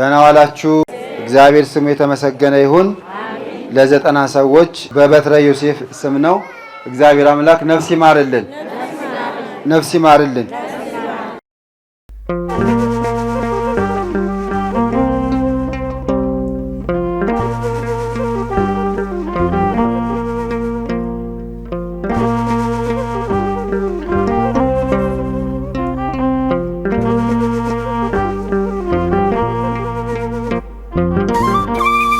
ደህና ዋላችሁ። እግዚአብሔር ስሙ የተመሰገነ ይሁን። ለዘጠና ሰዎች በበትረ ዮሴፍ ስም ነው። እግዚአብሔር አምላክ ነፍስ ይማርልን፣ ነፍስ ይማርልን። Thank you.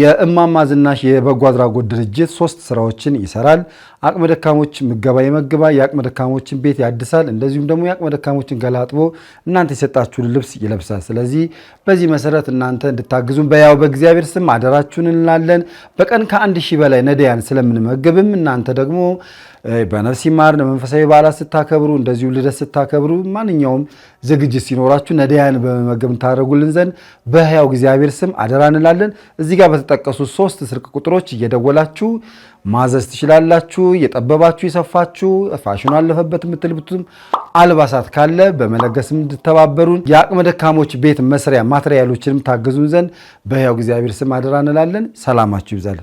የእማማ ዝናሽ የበጎ አድራጎት ድርጅት ሶስት ስራዎችን ይሰራል። አቅመ ደካሞች ምገባ ይመግባ፣ የአቅመ ደካሞችን ቤት ያድሳል፣ እንደዚሁም ደግሞ የአቅመ ደካሞችን ገላጥቦ እናንተ የሰጣችሁን ልብስ ይለብሳል። ስለዚህ በዚህ መሰረት እናንተ እንድታግዙን በያው በእግዚአብሔር ስም አደራችሁን እንላለን። በቀን ከአንድ ሺህ በላይ ነዳያን ስለምንመገብም እናንተ ደግሞ በነፍስ ይማር መንፈሳዊ በዓላት ስታከብሩ፣ እንደዚሁ ልደት ስታከብሩ፣ ማንኛውም ዝግጅት ሲኖራችሁ ነዳያን በመመገብ ታደርጉልን ዘንድ በህያው እግዚአብሔር ስም አደራ እንላለን እዚህ ጋር በተጠቀሱ ሶስት ስልክ ቁጥሮች እየደወላችሁ ማዘዝ ትችላላችሁ። እየጠበባችሁ የሰፋችሁ ፋሽኑ አለፈበት የምትልብቱም አልባሳት ካለ በመለገስ እንድተባበሩን የአቅመ ደካሞች ቤት መስሪያ ማትሪያሎችንም ታገዙን ዘንድ በሕያው እግዚአብሔር ስም አደራ እንላለን። ሰላማችሁ ይብዛል።